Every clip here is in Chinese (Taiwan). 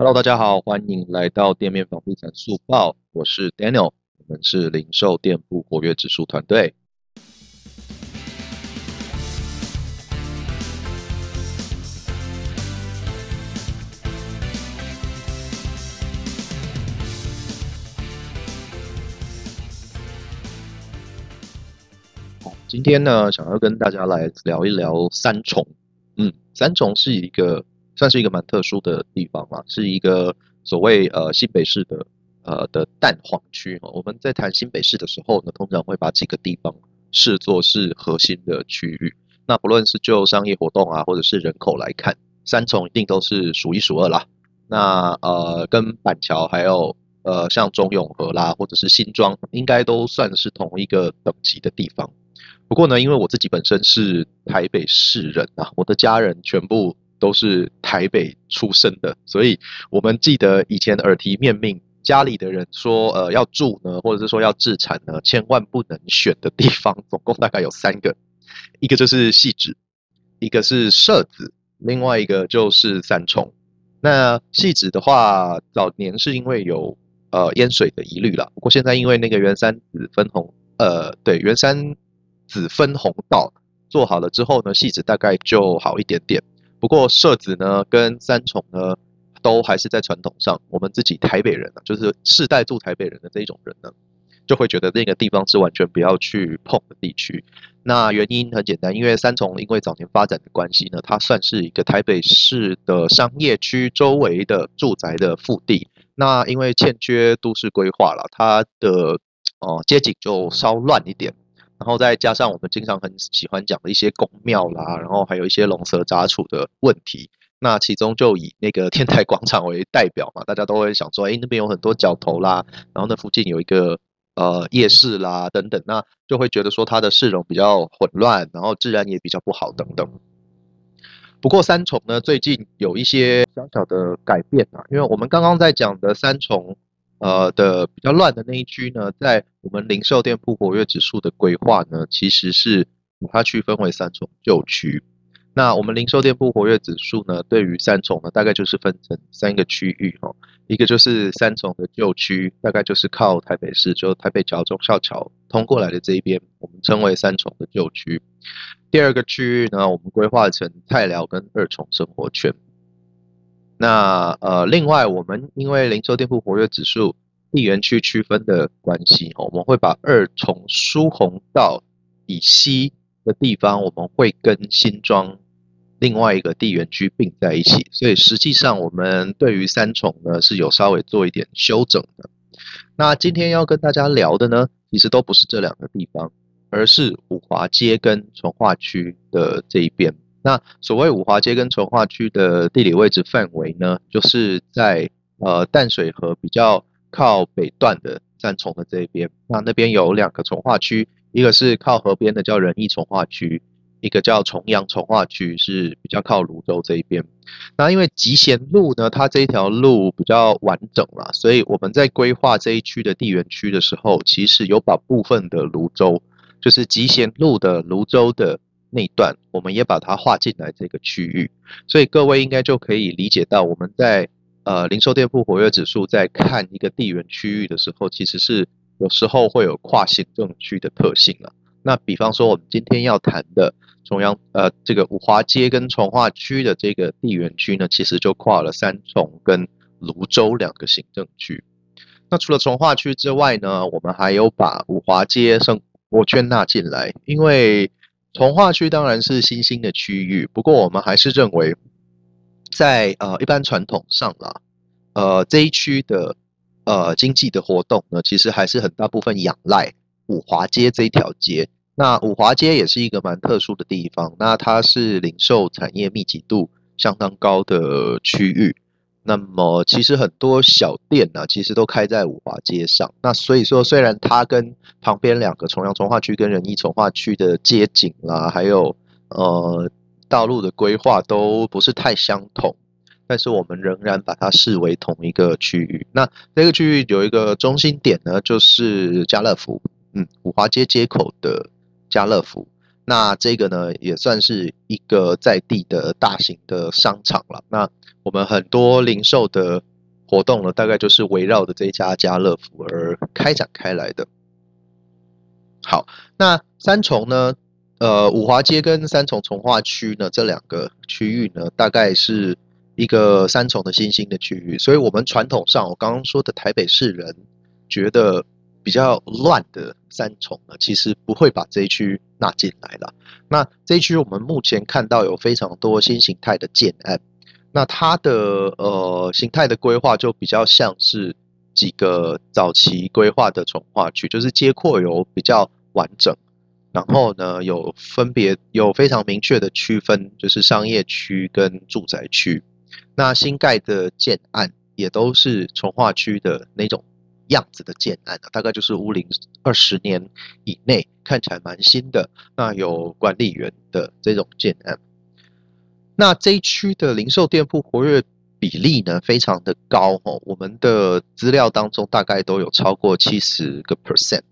Hello，大家好，歡迎來到店面房地產速報。我是 Daniel，我們是零售店鋪活躍指數團隊。好，今天呢，想要跟大家來聊一聊三重。嗯，三重是一個，算是一個蠻特殊的地方嘛，是一個所謂呃新北市的呃的蛋黃區。我們在談新北市的時候呢，通常會把幾個地方視作是核心的區域。那不論是就商業活動啊，或者是人口來看，三重一定都是數一數二啦。那呃，跟板橋還有呃像中永和啦，或者是新莊，應該都算是同一個等級的地方。不過呢，因為我自己本身是台北市人啊，我的家人全部，都是台北出生的，所以我們記得以前耳提面命，家裡的人說，呃，要住呢，或者是說要置產呢，千萬不能選的地方，總共大概有三個，一個就是汐止，一個是社子，另外一個就是三重。那汐止的話，早年是因為有呃淹水的疑慮了，不過現在因為那個員山子分洪，呃，對，員山子分洪道，做好了之後呢，汐止大概就好一點點。不過社子呢跟三重呢，都還是在傳統上，我們自己台北人呢、啊，就是世代住台北人的這一種人呢，就會覺得那個地方是完全不要去碰的地區。那原因很簡單，因為三重因為早年發展的關係呢，它算是一個台北市的商業區周圍的住宅的腹地。那因為欠缺都市規劃了，它的哦、呃、街景就稍亂一點。然後再加上我們經常很喜歡講的一些宮廟啦，然後還有一些龍蛇雜處的問題，那其中就以那個天台廣場為代表嘛，大家都會想說，哎，那邊有很多角頭啦，然後那附近有一個呃夜市啦等等，那就會覺得說它的市容比較混亂，然後治安也比較不好等等。不過三重呢，最近有一些小小的改變啊，因為我們剛剛在講的三重。呃的比較亂的那一區呢，在我們零售店鋪活躍指數的規劃呢，其實是把它區分為三重舊區。那我們零售店鋪活躍指數呢，對於三重呢，大概就是分成三個區域哦、喔，一個就是三重的舊區，大概就是靠台北市就台北橋忠孝橋，通過來的這一邊，我們稱為三重的舊區。第二個區域呢，我們規劃成菜寮跟二重生活圈。那呃，另外我們因為零售店鋪活躍指數地緣區區分的關係，哦，我們會把二重疏洪道以西的地方，我們會跟新莊另外一個地緣區併在一起，所以實際上我們對於三重呢，是有稍微做一點修整的。那今天要跟大家聊的呢，其實都不是這兩個地方，而是五華街跟重劃區的這一邊。那所謂五華街跟重劃區的地理位置範圍呢，就是在呃淡水河比較靠北段的三重的這邊。那那邊有兩個重劃區，一個是靠河邊的叫仁義重劃區，一個叫重陽重劃區，是比較靠蘆洲這一邊。那因為集賢路呢，它這一條路比較完整了，所以我們在規劃這一區的地緣區的時候，其實有把部分的蘆洲，就是集賢路的蘆洲的。那一段我們也把它劃進來這個區域，所以各位應該就可以理解到，我們在呃零售店鋪活躍指數在看一個地緣區域的時候，其實是有時候會有跨行政區的特性啊。那比方說，我們今天要談的重陽呃這個五華街跟重劃區的這個地緣區呢，其實就跨了三重跟蘆洲兩個行政區。那除了重劃區之外呢，我們還有把五華街生活圈納進來，因為。重劃區當然是新興的區域，不過我們還是認為在，在呃一般傳統上啦，呃這一區的呃經濟的活動呢，其實還是很大部分仰賴五華街這一條街。那五華街也是一個蠻特殊的地方，那它是零售產業密集度相當高的區域。那麼其實很多小店呢、啊，其實都開在五華街上。那所以說，雖然它跟旁邊兩個重陽重劃區跟仁義重劃區的街景啦、啊，還有呃道路的規劃都不是太相同，但是我們仍然把它視為同一個區域。那那個區域有一個中心點呢，就是家樂福，嗯，五華街街口的家樂福。那這個呢，也算是一個在地的大型的商場了。那我們很多零售的活動呢，大概就是圍繞着這一家家樂福而開展開來的。好，那三重呢，呃，五華街跟三重重劃區呢，這兩個區域呢，大概是一個三重的新興的區域。所以，我們傳統上，我剛剛說的台北市人覺得。比較亂的三重呢，其實不會把這一區納進來了。那這一區我們目前看到有非常多新形態的建案，那它的呃形態的規劃就比較像是幾個早期規劃的重劃區，就是街廓有比較完整，然後呢有分別有非常明確的區分，就是商業區跟住宅區。那新蓋的建案也都是重劃區的那種。樣子的建案呢、啊，大概就是屋齡二十年以內，看起來蠻新的。那有管理員的這種建案，那這一區的零售店鋪活躍比例呢，非常的高哦。我們的資料當中大概都有超過七十個 percent，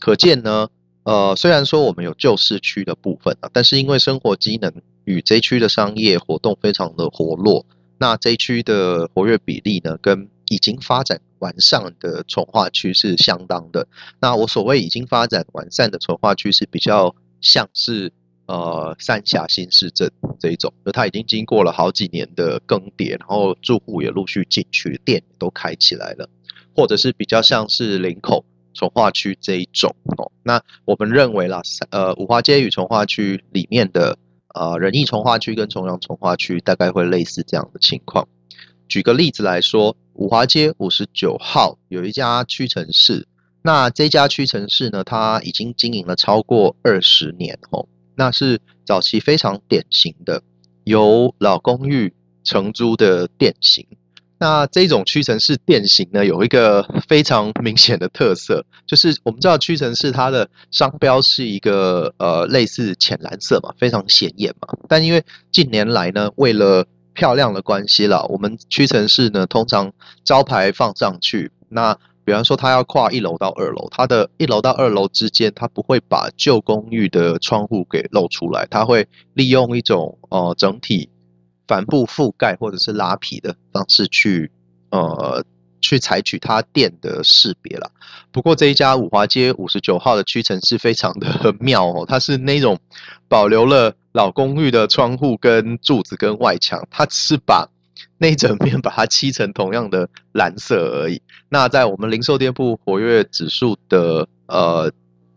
可見呢，呃，雖然說我們有舊市區的部分啊，但是因為生活機能與這一區的商業活動非常的活絡，那這一區的活躍比例呢，跟已經發展完善的重劃區是相當的。那我所謂已經發展完善的重劃區是比較像是呃三峽新市鎮這一種，就它已經經過了好幾年的更迭，然後住戶也陸續進去，店都開起來了，或者是比較像是林口重劃區這一種哦。那我們認為啦，三呃五華街與重劃區裡面的呃仁義重劃區跟重陽重劃區大概會類似這樣的情況。舉個例子來說，五華街五十九號有一家屈臣氏，那這家屈臣氏呢，它已經經營了超過二十年哦，那是早期非常典型的由老公寓承租的店型。那這種屈臣氏店型呢，有一個非常明顯的特色，就是我們知道屈臣氏它的商標是一個呃類似淺藍色嘛，非常顯眼嘛，但因為近年來呢，為了漂亮的關係了。我們屈臣氏呢，通常招牌放上去。那比方說，它要跨一樓到二樓，它的一樓到二樓之間，它不會把舊公寓的窗戶給露出來，它會利用一種呃整體帆布覆蓋或者是拉皮的方式去呃。去採取他店的識別了，不過這一家五華街五十九號的屈臣氏非常的妙哦，它是那種保留了老公寓的窗戶、跟柱子、跟外牆，它只是把那整片把它漆成同樣的藍色而已。那在我們零售店鋪活躍指數的呃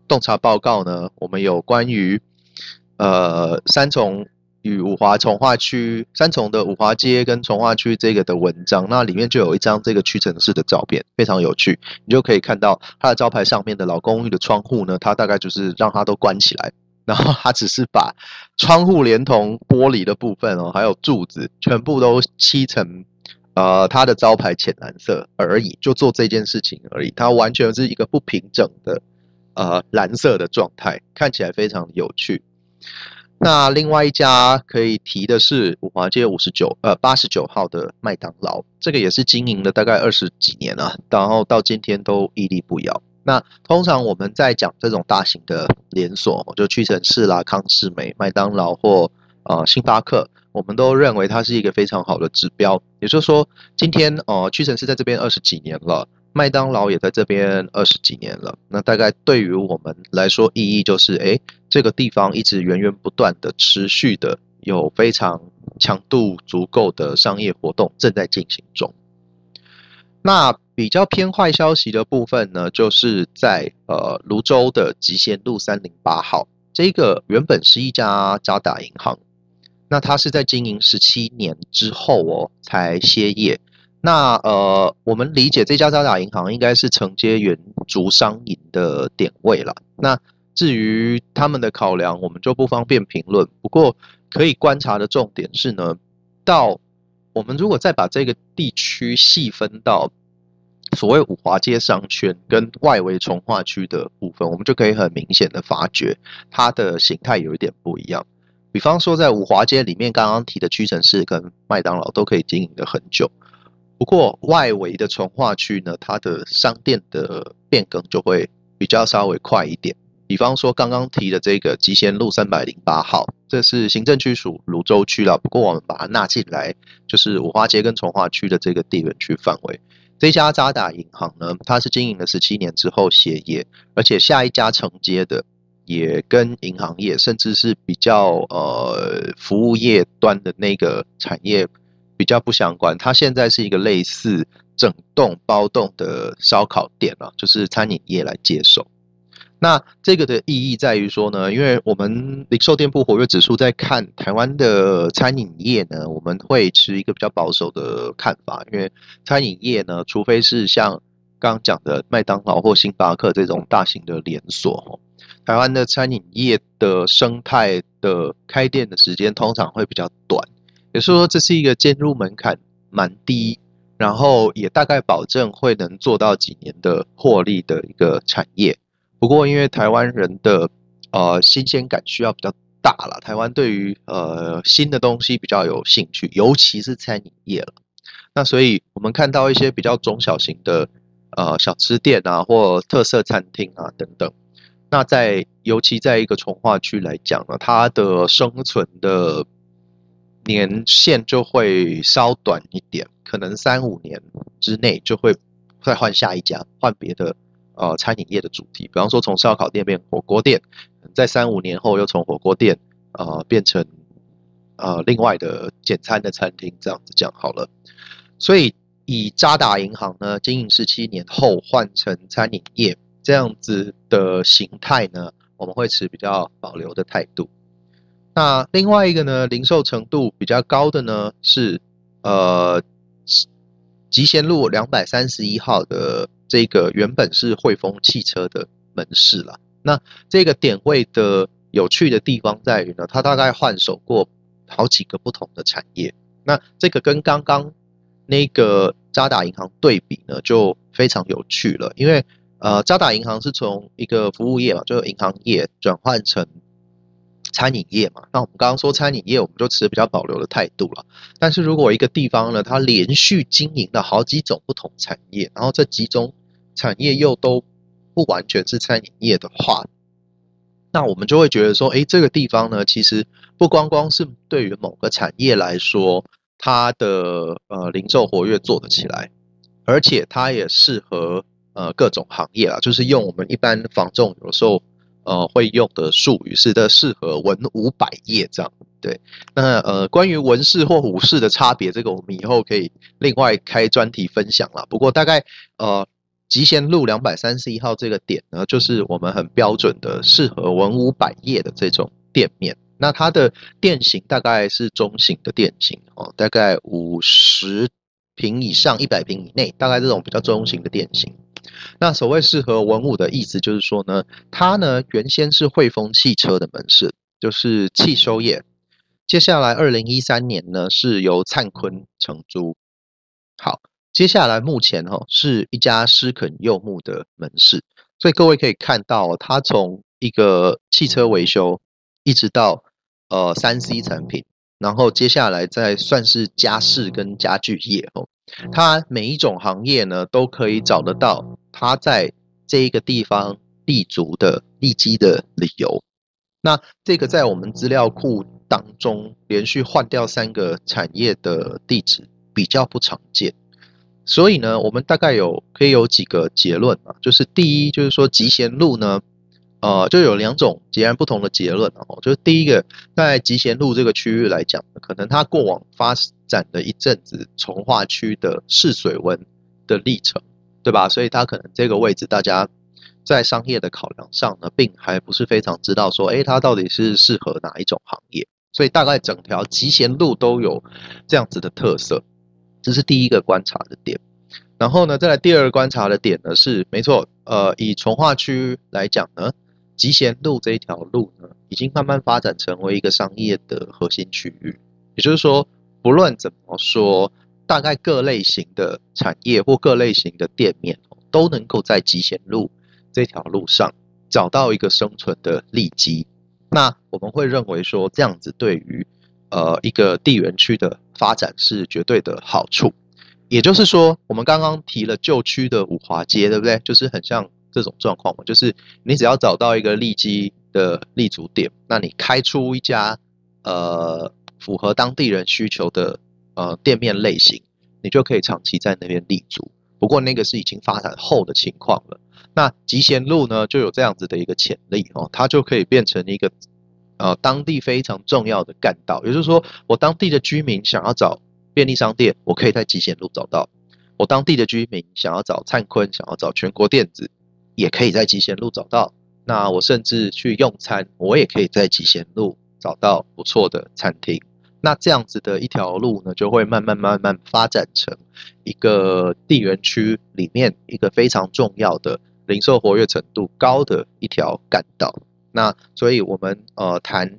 洞察報告呢，我們有關於呃三重。與五華重劃區，三重的五華街跟重劃區這個的文章，那裡面就有一張這個屈臣氏的照片，非常有趣。你就可以看到它的招牌上面的老公寓的窗戶呢，它大概就是讓它都關起來，然後它只是把窗戶連同玻璃的部分哦，還有柱子全部都漆成呃它的招牌淺藍色而已，就做這件事情而已。它完全是一個不平整的呃藍色的狀態，看起來非常有趣。那另外一家可以提的是五華街五十九，呃八十九號的麥當勞，這個也是經營了大概二十幾年了，然後到今天都屹立不搖。那通常我們在講這種大型的連鎖，就屈臣氏啦、康士美、麥當勞或啊、呃、星巴克，我們都認為它是一個非常好的指標。也就是說，今天哦屈臣氏在這邊二十幾年了，麥當勞也在這邊二十幾年了，那大概對於我們來說意義就是，哎。這個地方一直源源不斷的、持續的有非常強度足夠的商業活動正在進行中。那比較偏壞消息的部分呢，就是在呃蘆洲的集賢路三零八號，這個原本是一家渣打銀行，那它是在經營十七年之後哦才歇業。那呃，我們理解這家渣打銀行應該是承接原竹商銀的點位了。那至於他們的考量，我們就不方便評論。不過，可以觀察的重點是呢，到我們如果再把這個地區細分到所謂五華街商圈跟外圍重劃區的部分，我們就可以很明顯的發覺它的形態有一點不一樣。比方說，在五華街裡面，剛剛提的屈臣氏跟麥當勞都可以經營的很久，不過外圍的重劃區呢，它的商店的變更就會比較稍微快一點。比方說，剛剛提的這個集賢路三百零八號，這是行政區屬蘆洲區了，不過我們把它納進來，就是五華街跟重劃區的這個地緣區範圍。這家渣打銀行呢，它是經營了十七年之後歇業，而且下一家承接的也跟銀行業，甚至是比較呃服務業端的那個產業比較不相關。它現在是一個類似整棟包棟的燒烤店了，啊，就是餐飲業來接手。那這個的意義在於說呢，因為我們零售店鋪活躍指數在看台灣的餐飲業呢，我們會持一個比較保守的看法，因為餐飲業呢，除非是像剛講的麥當勞或星巴克這種大型的連鎖，台灣的餐飲業的生態的開店的時間通常會比較短，也就是說，這是一個進入門檻蠻低，然後也大概保證會能做到幾年的獲利的一個產業。不過，因為台灣人的呃新鮮感需要比較大了，台灣對於呃新的東西比較有興趣，尤其是餐飲業了。那所以我們看到一些比較中小型的呃小吃店啊，或特色餐廳啊等等。那在尤其在一個重劃區來講呢，它的生存的年限就會稍短一點，可能三五年之內就會再換下一家，換別的。呃，餐飲業的主題，比方說從燒烤店變火鍋店，在、嗯、三五年後又從火鍋店，呃，變成呃另外的簡餐的餐廳，這樣子講好了。所以以渣打銀行呢，經營十七年後換成餐飲業這樣子的形態呢，我們會持比較保留的態度。那另外一個呢，零售程度比較高的呢，是呃集賢路兩百三十一號的。這個原本是匯豐汽車的門市了，那這個點位的有趣的地方在於呢，它大概換手過好幾個不同的產業，那這個跟剛剛那個渣打銀行對比呢，就非常有趣了，因為呃，渣打銀行是從一個服務業嘛，就銀行業轉換成。餐飲業嘛，那我們剛剛說餐飲業，我們就持比較保留的態度了。但是如果一個地方呢，它連續經營了好幾種不同產業，然後這幾種產業又都不完全是餐飲業的話，那我們就會覺得說，哎、欸，這個地方呢，其實不光光是對於某個產業來說，它的呃零售活躍做得起來，而且它也適合呃各種行業啊，就是用我們一般房仲有的時候。呃，會用的術語是的，適合文武百業這樣。對，那呃，關於文市或武市的差別， 這個我們以後可以另外開專題分享了。不過大概呃，集賢路兩百三十一號這個點呢，就是我們很標準的適合文武百業的這種店面。那它的店型大概是中型的店型哦、呃，大概五十平以上、一百平以內，大概這種比較中型的店型。那所謂適合文武的意思就是說呢，它呢原先是匯豐汽車的門市，就是汽修業。接下來二零一三年呢是由燦坤承租。好，接下來目前哈、哦、是一家詩肯柚木的門市，所以各位可以看到，它從一個汽車維修，一直到呃三 C 產品，然後接下來再算是家飾跟家具業哦。它每一種行業呢，都可以找得到它在這一個地方立足的立基的理由。那這個在我們資料庫當中連續換掉三個產業的地址比較不常見，所以呢，我們大概有可以有幾個結論啊。就是第一，就是說集賢路呢。呃，就有兩種截然不同的結論哦。就是第一個，在集賢路這個區域來講，可能它過往發展的一陣子重劃區的試水溫的歷程，對吧？所以它可能這個位置，大家在商業的考量上呢，並還不是非常知道說，哎，它到底是適合哪一種行業。所以大概整條集賢路都有這樣子的特色，這是第一個觀察的點。然後呢，再來第二個觀察的點呢，是沒錯，呃，以重劃區來講呢。集賢路這一條路呢，已經慢慢發展成為一個商業的核心區域。也就是說，不論怎麼說，大概各類型的產業或各類型的店面，都能夠在集賢路這條路上找到一個生存的利基。那我們會認為說，這樣子對於呃一個地緣區的發展是絕對的好處。也就是說，我們剛剛提了舊區的五華街，對不對？就是很像。這種狀況嘛，就是你只要找到一個利基的立足點，那你開出一家呃符合當地人需求的呃店面類型，你就可以長期在那邊立足。不過那個是已經發展後的情況了。那集賢路呢，就有這樣子的一個潛力哦，它就可以變成一個呃當地非常重要的幹道。也就是說，我當地的居民想要找便利商店，我可以在集賢路找到；我當地的居民想要找燦坤，想要找全國電子。也可以在集賢路找到。那我甚至去用餐，我也可以在集賢路找到不錯的餐廳。那這樣子的一條路呢，就會慢慢慢慢發展成一個地緣區裡面一個非常重要的零售活躍程度高的一條幹道。那所以我們呃談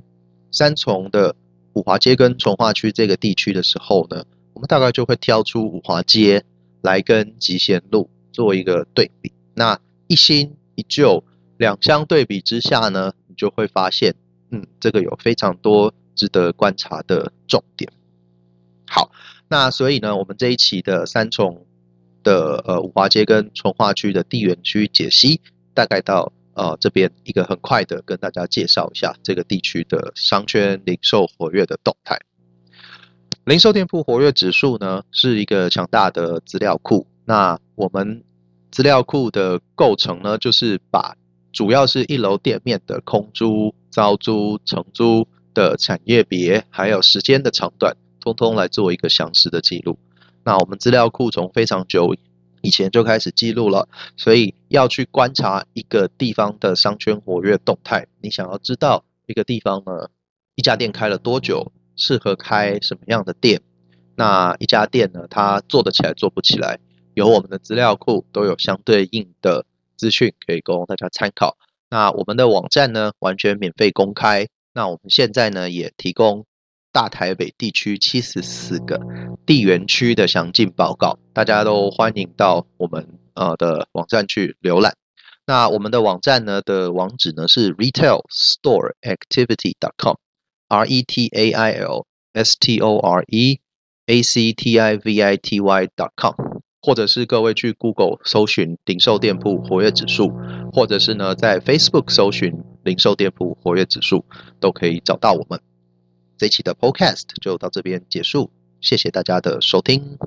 三重的五華街跟重劃區這個地區的時候呢，我們大概就會挑出五華街來跟集賢路做一個對比。那一新一舊，兩相對比之下呢，你就會發現，嗯，這個有非常多值得觀察的重點。好，那所以呢，我們這一期的三重的呃五華街跟重劃區的地緣區解析，大概到呃這邊一個很快的跟大家介紹一下這個地區的商圈零售活躍的動態。零售店鋪活躍指數呢，是一個強大的資料庫。那我們。資料庫的構成呢，就是把主要是一樓店面的空租、招租、承租的產業別，還有時間的長短，通通來做一個詳實的記錄。那我們資料庫從非常久以前就開始記錄了，所以要去觀察一個地方的商圈活躍動態。你想要知道一個地方呢，一家店開了多久，適合開什麼樣的店，那一家店呢，它做得起來做不起來？有我們的資料庫，都有相對應的資訊可以供大家參考。那我們的網站呢，完全免費公開。那我們現在呢，也提供大台北地區七十四個地緣區的詳盡報告，大家都歡迎到我們呃的網站去瀏覽。那我們的網站呢的網址呢是 retailstoreactivity.com，R-E-T-A-I-L S-T-O-R-E A-C-T-I-V-I-T-Y dot com,、e e、com。或者是各位去 Google 搜尋零售店鋪活躍指數，或者是呢在 Facebook 搜尋零售店鋪活躍指數，都可以找到我們。這一期的 Podcast 就到這邊結束，謝謝大家的收聽。